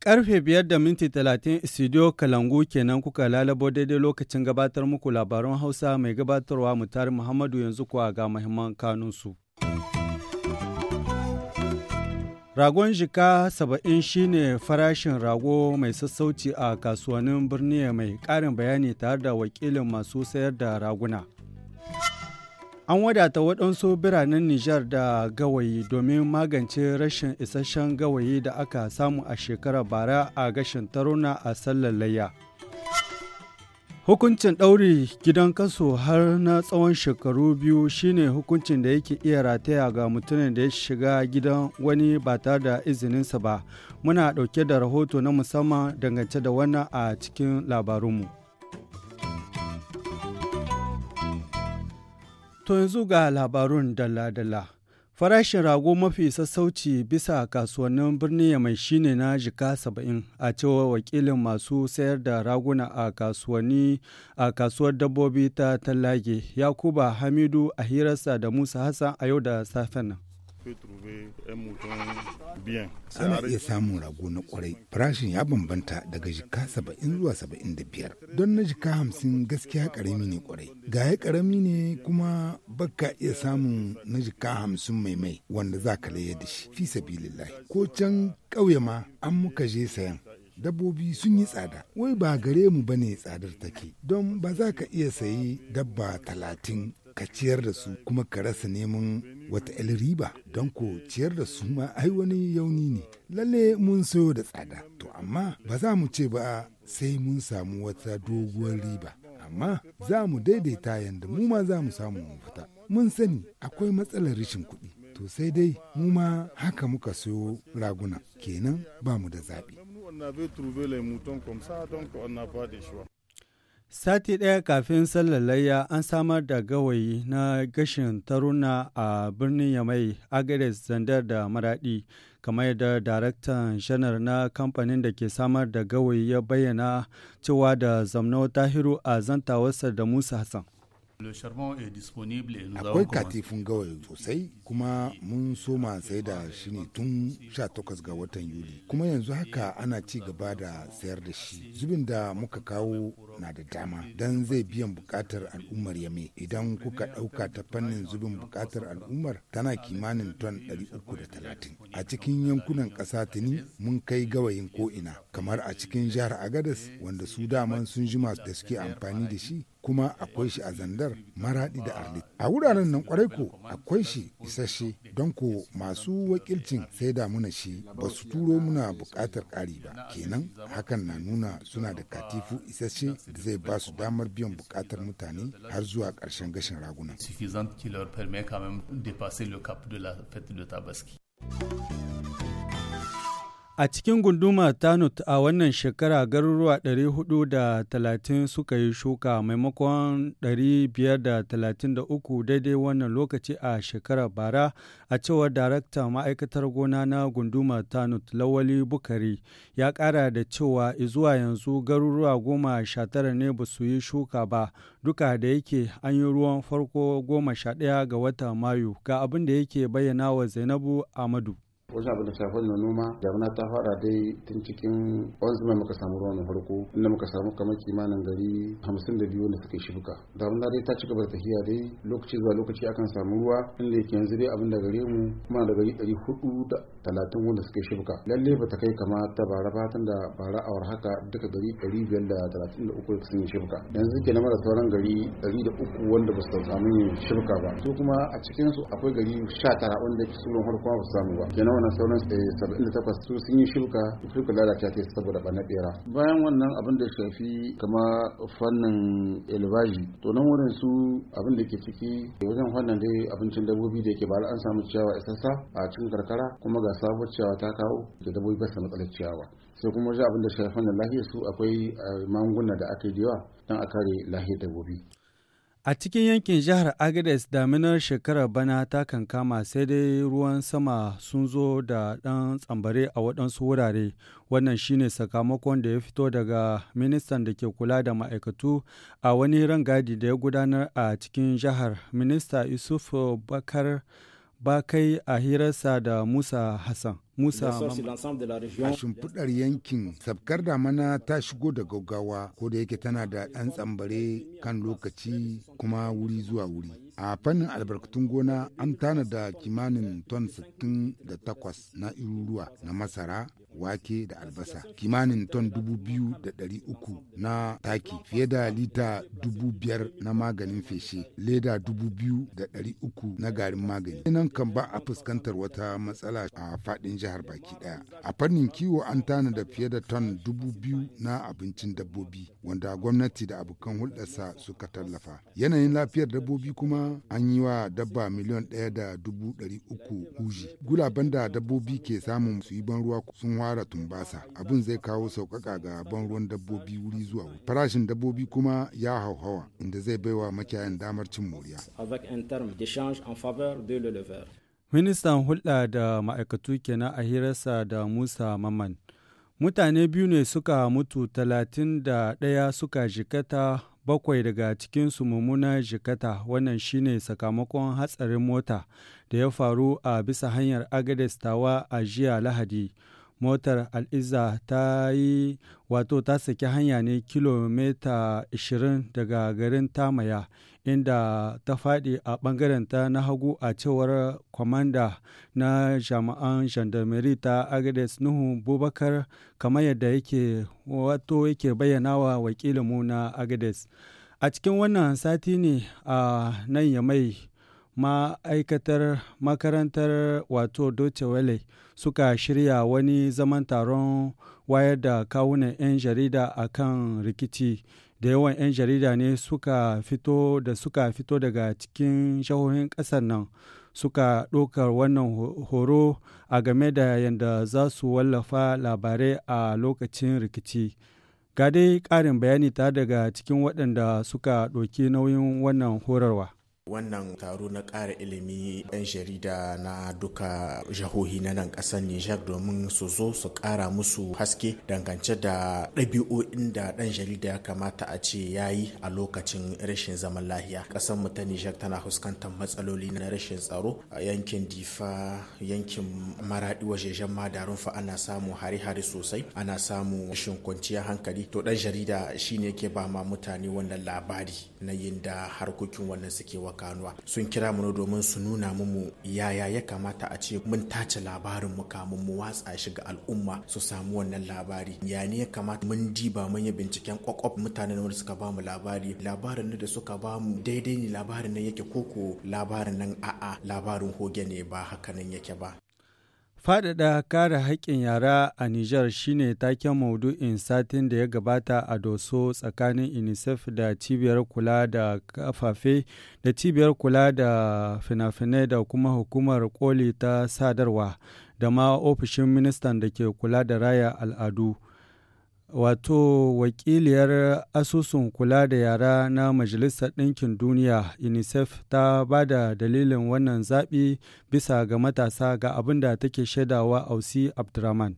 Karfe biyar da minti talatin studio Kalangu kenan kuka lalabo daidai lokacin gabatar muku labaran Hausa mai gabatarwa mutari Muhammadu yanzu kuwa ga mahimman kanunsu. Ragon jika saba'in shine farashin rago mai sassauci a kasuwannin birni mai ƙarin bayani tare da wakilin masu sayar da raguna. An wadata waɗansu biranen Nijar da gawayi domin magance rashin isasshen gawayi da aka samu a shekarar bara a gashin taruna a sallar layya. Hukuncin ɗauri gidan kaso har na tsawon shekaru biyu shine hukuncin da yake iya rataya ga mutumin da ya shiga gidan wani ba tare da izininsa ba. Muna ɗauke da rahoto na musamman dangance da wannan a cikin labarunmu. To yanzu ga labarun dalla-dalla. Farashin rago mafi sassauci bisa kasuwannin birni mai shine na jika 70 a cewa wakilin masu sayar da raguna a kasuwanni a kasuwar dabbobi ta Tallage Yakuba Hamidu a hirarsa da Musa Hassan a yau da safen nan. Ana iya samun rago na kwarai. Farashin ya bambanta daga jika saba'in zuwa saba'in da biyar. Don na jika hamsin gaskiya karami ne kwarai. ga ya karami ne kuma baka iya samun na jika hamsin mai mai wanda za ka laye da shi. Fi sabilillahi. Ko can ƙauye ma an muka je sayan. dabbobi sun yi tsada wai ba gare mu bane ne tsadar take don ba za ka iya sayi dabba talatin ka ciyar da su kuma ka rasa neman wata riba don ko ciyar da su ma ai wani yauni ne lalle mun sayo da tsada to amma ba za mu ce ba sai mun samu wata doguwar riba amma za mu daidaita yadda mu ma za mu samu mu fita mun sani akwai matsalar rashin kuɗi to sai dai mu ma haka muka sayo raguna kenan ba mu da zaɓi Sati ɗaya kafin sallar layya an samar da gawayi na gashin taruna a birnin Yamai, agares Zandar da Maraɗi, kamar yadda daraktan shanar na kamfanin da ke samar da gawayi ya bayyana cewa da Zamnau Tahiru a zantawarsa da Musa Hassan. Akwai katifin gawayi sosai kuma mun soma sai da shi ne tun 18 ga watan Yuli. Kuma yanzu haka ana ci gaba da sayar da shi. Zubin da muka kawo na da dama don zai biyan bukatar al'ummar yame. Idan kuka ɗauka ta fannin zubin bukatar al'ummar tana kimanin ton 330. A cikin yankunan ƙasa tuni mun kai gawayin ko'ina kamar a cikin jihar Agadas wanda su daman sun jima da suke amfani da shi kuma akwai shi a zandar maraɗi da arlit a wuraren nan kwarai ko akwai shi isasshe don ko masu wakilcin sai da muna shi ba su turo muna bukatar ƙari ba kenan hakan na nuna suna da katifu isasshe da zai ba su damar biyan bukatar mutane har zuwa ƙarshen gashin raguna. A cikin gunduma Tanut a wannan shekara garuruwa 430 suka yi shuka maimakon 533 daidai wannan lokaci a shekara bara a cewar darakta ma'aikatar gona na gunduma Tanut Lawali Bukari ya ƙara da cewa zuwa yanzu garuruwa goma sha tara ne ba su yi shuka ba duka da yake an yi ruwan farko goma sha ɗaya ga watan Mayu ga abin da yake bayyana wa Zainabu Amadu. wajen abin da shafi na noma damuna ta fara dai tun cikin wanzu muka samu ruwan farko inda muka samu kamar kimanin gari hamsin da biyu wanda suka yi shibuka damuna dai ta cika gaba da tafiya dai lokaci zuwa lokaci akan samu ruwa inda yake yanzu dai abin da gare mu kuma da gari ɗari hudu da talatin wanda suka yi shibuka lalle ba ta kai kama ta bara ba tun da bara awar haka duka gari ɗari biyar da talatin da uku sun yi shibuka yanzu ke na mara sauran gari ɗari da uku wanda ba su samu yin shibuka ba su kuma a cikinsu akwai gari sha tara wanda ke sulon farko ba su samu ba kenan wannan sauran 78 eh, su sun yi shuka shuka lalacewa ta saboda bana bera bayan wannan abin da shafi kama fannin elvaji to nan wurin su abin da ke ciki wajen fannin dai abincin dabobi da yake ba an samu ciyawa isassa a cikin karkara kuma ga sabuwar ciyawa ta kawo da dabobi ba su matsalar ciyawa sai kuma wajen abin da shafi fannin lahiyar su akwai eh, magunguna da aka yi da yawa don a kare lahiyar dabobi. A cikin yankin jihar Agades daminar shekarar bana ta kankama sai dai ruwan sama sun zo da ɗan tsambare a waɗansu wurare. Wannan shine sakamakon da ya fito daga ministan da ke kula da ma'aikatu a wani rangadi da ya gudanar a cikin jihar. Minista Yusuf Bakar ba kai a hirarsa da Musa Hassan. Musa a shimfiɗar yankin sabkar damana ta shigo da gaggawa ko da yake tana da ɗan tsambare kan lokaci kuma wuri zuwa wuri. a fannin albarkatun gona an tana da kimanin ton 68 na iruruwa na masara wake da albasa kimanin ton 2,300 na taki fiye da lita 5,000 na maganin feshe leda 2,300 na garin magani nan kan ba a fuskantar wata matsala a fadin jihar baki daya a fannin kiwo an tanada fiye da ton 2,000 na abincin dabbobi wanda gwamnati da abokan hulɗarsa suka tallafa yanayin lafiyar dabbobi kuma an yi wa dabba miliyan ɗaya da dubu ɗari uku huji gulaben da dabbobi ke samun su yi ban ruwa sun wara tumbasa abin zai kawo sauƙaƙa ga ban ruwan dabbobi wuri zuwa wuri farashin dabbobi kuma ya hauhawa inda zai baiwa makiyayan damar cin moriya ministan hulɗa da ma'aikatu kenan a hirarsa da musa maman mutane biyu ne suka mutu talatin da ɗaya suka jikata bakwai daga cikinsu mummuna jikata wannan shine sakamakon hatsarin mota da ya faru a bisa hanyar Agadastawa, tawa a jiya lahadi motar aliza ta yi wato ta saki hanya ne kilomita 20 daga garin tamaya inda ta faɗi a ɓangaren ta na hagu a cewar kwamanda na jami'an gendarmerie ta agades nuhu bubakar kamar yadda yake wato yake bayyana wa wakilinmu na agades a cikin wannan sati ne a nan ya mai ma'aikatar makarantar wato doce wale suka shirya wani zaman taron wayar da kawunan 'yan jarida a kan rikici da yawan 'yan jarida ne suka fito da suka fito daga cikin shahohin ƙasar nan suka ɗaukar wannan horo a game da yadda za su wallafa labarai a lokacin rikici ga dai ƙarin bayani ta daga cikin waɗanda suka ɗauki nauyin wannan horarwa wannan taro na ƙara ilimi ɗan jarida na duka jahohi na nan ƙasar Nijar domin su zo su ƙara musu haske dangance da ɗabi'o'in da ɗan jarida ya kamata a ce ya yi a lokacin rashin zaman lahiya. Ƙasar mu ta Nijar tana fuskantar matsaloli na rashin tsaro a yankin Difa, yankin Maraɗi wajejen Madarun fa ana samun hari-hari sosai, ana samu rashin kwanciyar hankali. To ɗan jarida shine ke ba ma mutane wannan labari na yin da harkokin wannan suke wa kanuwa sun kira mu domin su nuna mu yaya ya kamata a ce mun tace labarin mu kamun mu watsa shi ga al'umma su samu wannan labari ya ne ya kamata mun diba mun yi binciken kwakwaf mutanen da suka bamu labari labarin da suka bamu daidai ne labarin nan yake koko labarin nan a'a labarin hoge ne ba hakanan yake ba Faɗaɗa kare haƙƙin yara a Nijar shine taken maudu'in satin da ya gabata a doso tsakanin UNICEF da cibiyar kula da kafafe da cibiyar kula da fina-finai da kuma hukumar koli ta sadarwa da ma ofishin ministan da ke kula da raya al'adu. wato wakiliyar asusun kula da yara na majalisar ɗinkin duniya unicef ta ba da dalilin wannan zaɓi bisa ga matasa ga abin da take shaidawa ausi abdurrahman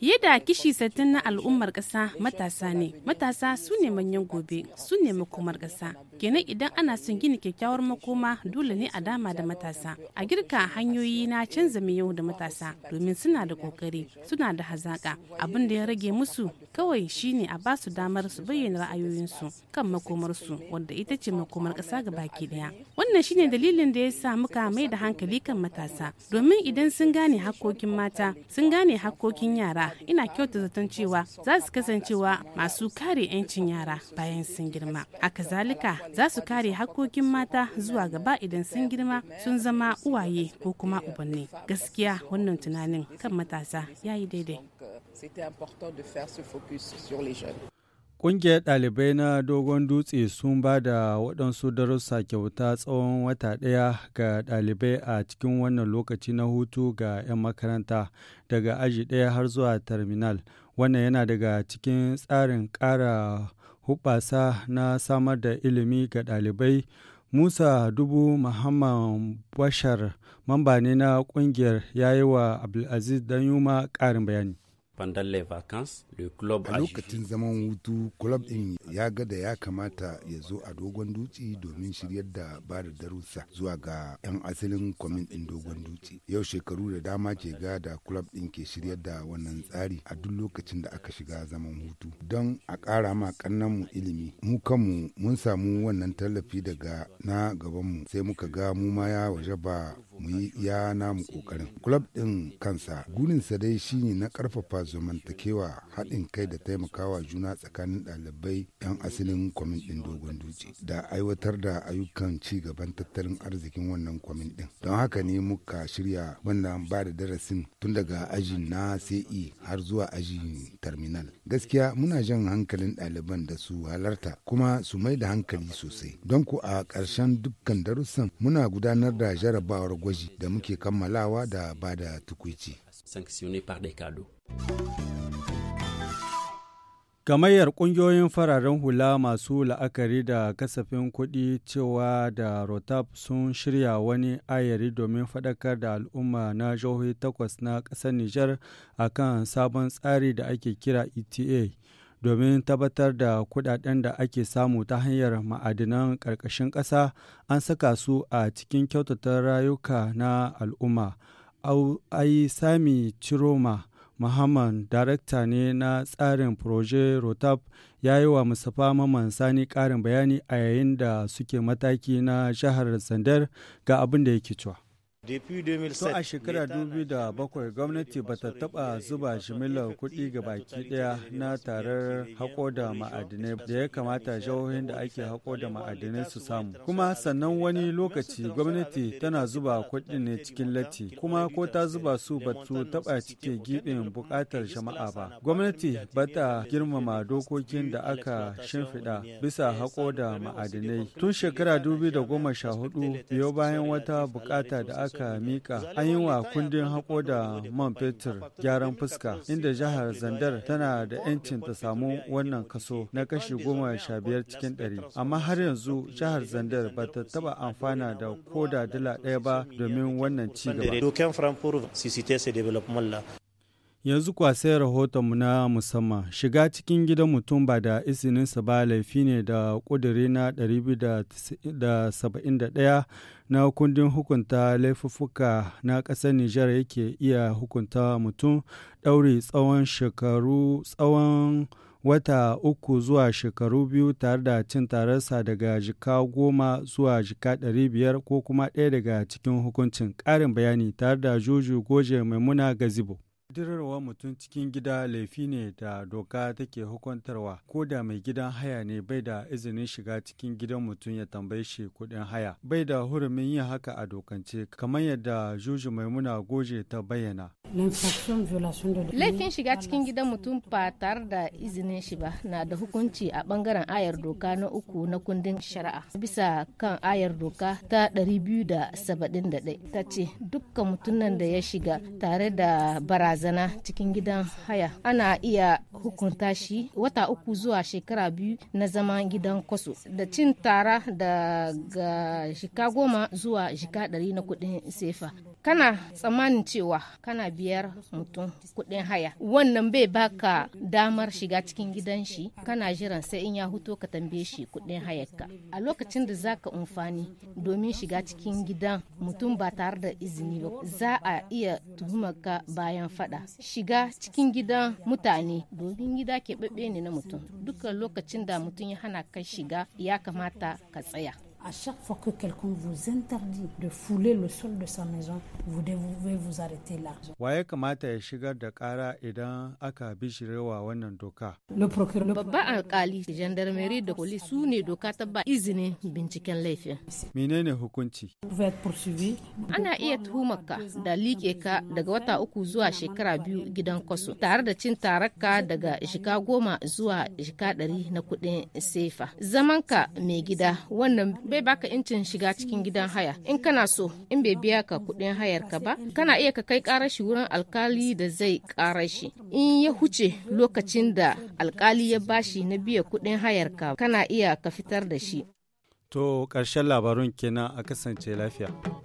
Yadda kishi sattin na al'ummar ƙasa matasa ne, matasa su ne manyan gobe, su ne makomar ƙasa. Kenan idan ana son gina kyakkyawar makoma dole ne a dama da matasa. A girka hanyoyi na canza mai yau da matasa domin suna da kokari, suna da hazaƙa. Abin da ya rage musu kawai shine a basu damar su bayyana ra'ayoyinsu kan makomarsu wadda ita ce makomar ƙasa ga baki ɗaya. Wannan shine dalilin da ya sa muka mai da hankali kan matasa domin idan sun gane hakkokin mata, sun gane ne hakkokin yara ina kyauta zaton cewa za su kasancewa masu kare 'yancin yara bayan sun girma a kazalika za su kare hakkokin mata zuwa gaba idan sun girma sun zama uwaye ko kuma ubanni gaskiya wannan tunanin kan matasa ya yi daidai Ƙungiyar ɗalibai na Dogon Dutse sun ba da waɗansu darussa kyauta tsawon wata ɗaya ga ɗalibai a cikin wannan lokaci na hutu ga 'yan makaranta daga aji ɗaya har zuwa terminal. Wannan yana daga cikin tsarin ƙara hubasa na samar da ilimi ga ɗalibai. Musa Dubu Muhammad Bashar, mamba ne na ƙungiyar, ya yi wa Abdulaziz Danyuma ƙarin bayani. pendant les vacances le club a lokacin zaman hutu club din ya ga da ya kamata ya zo a dogon dutse domin shiryar da ba da darussa zuwa ga yan asalin kwamin din dogon dutse yau shekaru da dama ke ga da club din ke shiryar da wannan tsari a duk lokacin da aka shiga zaman hutu don a kara ma kannan mu ilimi mu kanmu mun samu wannan tallafi daga na gaban mu sai muka ga mu ma ya waje ba mu yi iya namu kokarin club din kansa gurinsa dai shine na karfafa zamantakewa haɗin kai da taimakawa juna tsakanin ɗalibai 'yan asalin kwamin ɗin dogon dutse da aiwatar da ayyukan ci gaban tattalin arzikin wannan kwamin ɗin don haka ne muka shirya wannan ba da darasin tun daga aji na ce har zuwa aji terminal gaskiya muna jan hankalin ɗaliban da su halarta kuma su mai da hankali sosai don ku a ƙarshen dukkan darussan muna gudanar da jarabawar gwaji gwaji da muke kammalawa da ba da tukuici. Gamayyar ƙungiyoyin fararen hula masu la'akari da kasafin kuɗi cewa da Rotap sun shirya wani ayari domin faɗakar da al'umma na jihohi takwas na ƙasar Nijar a kan sabon tsari da ake kira ETA. domin tabbatar da kudaden da ake samu ta hanyar ma'adinan ƙarƙashin ƙasa an saka su a cikin kyautata rayuka na al'umma. Ai Sami Chiroma Muhammad darakta ne na tsarin Proje Rotap ya yi wa Mustapha Maman Sani ƙarin bayani a yayin da suke mataki na jihar Zandar ga abin da yake cewa. To a shekara da 2007 gwamnati ba ta taɓa zuba jimillar kuɗi ga baki ɗaya na tarar haƙo da ma'adinai da ya kamata jihohin da ake haƙo da ma'adinai su samu. Kuma sannan wani lokaci gwamnati tana zuba kuɗi ne cikin latti kuma ko ta zuba su ba su taɓa cike giɓin buƙatar jama'a ba. Gwamnati ba ta girmama dokokin da aka shimfiɗa bisa haƙo da ma'adinai. Tun shekara 2014 biyo bayan wata buƙata da aka aka mika an yi wa kundin hako da man fetur gyaran fuska inda jihar Zandar tana da 'yancin ta samu wannan kaso na kashi goma sha biyar cikin ɗari. Amma har yanzu jihar Zandar ba ta taɓa amfana da koda dala ɗaya ba domin wannan ci gaba. Yanzu kwa sai rahotonmu na musamman shiga cikin gidan mutum ba da isininsa ba laifi ne da ƙudiri na 271 na kundin hukunta laifuffuka na ƙasar Nijar yake iya hukunta mutum ɗauri tsawon shekaru tsawon wata uku zuwa shekaru biyu tare da cin tararsa daga jika goma zuwa jika ɗari biyar ko kuma ɗaya daga cikin hukuncin ƙarin bayani tare da juju goje maimuna gazibo. dirarwa mutum cikin gida laifi ne da doka take hukuntarwa ko da mai gidan haya ne bai da izinin shiga cikin gidan mutum ya tambaye shi kudin haya bai da hurumin yin haka a dokance kamar yadda juju maimuna goje ta bayyana Laifin shiga cikin gidan mutum ba tare da izinin shi ba na da hukunci a bangaren ayar doka na uku na kundin shari'a bisa kan ayar doka ta 271 ta ce dukka mutunan da ya shiga tare da barazana cikin gidan haya ana iya hukunta shi wata uku zuwa shekara biyu na zaman gidan kwaso da cin tara daga shika goma zuwa shika ɗari na kudin sefa kana tsammanin cewa kana biya biyar mutum kuɗin haya wannan bai baka damar shiga cikin gidan shi kana jiran sai in ya huto ka tambaye shi kuɗin ka a lokacin da za ka amfani domin shiga cikin gidan mutum ba tare da izini ba za a iya ka bayan fada shiga cikin gidan mutane domin gida keɓaɓɓe ne na mutum dukkan lokacin da mutum ya hana ka shiga ya kamata ka tsaya À chaque fois que quelqu'un vous interdit de fouler le sol de sa maison, vous devez vous arrêter là. Waye kamata ya shigar da kara idan aka bishirewa wannan doka? Babban alkali, gendarmerie da police su ne doka ta ba izinin binciken laifin. Menene hukunci? Ana iya tuhumarka da liƙe ka daga wata uku zuwa shekara biyu gidan kwaso tare da cin tararka daga shika goma zuwa shika ɗari na kuɗin sefa. Zamanka mai gida wannan bai baka incin shiga cikin gidan haya in kana so in bai biya ka kuɗin hayar ka ba kana iya ka kai karashi wurin alkali da zai karar shi in ya huce lokacin da alkali ya bashi na biya kuɗin hayar ka kana iya ka fitar da shi to karshen labarun kenan a kasance lafiya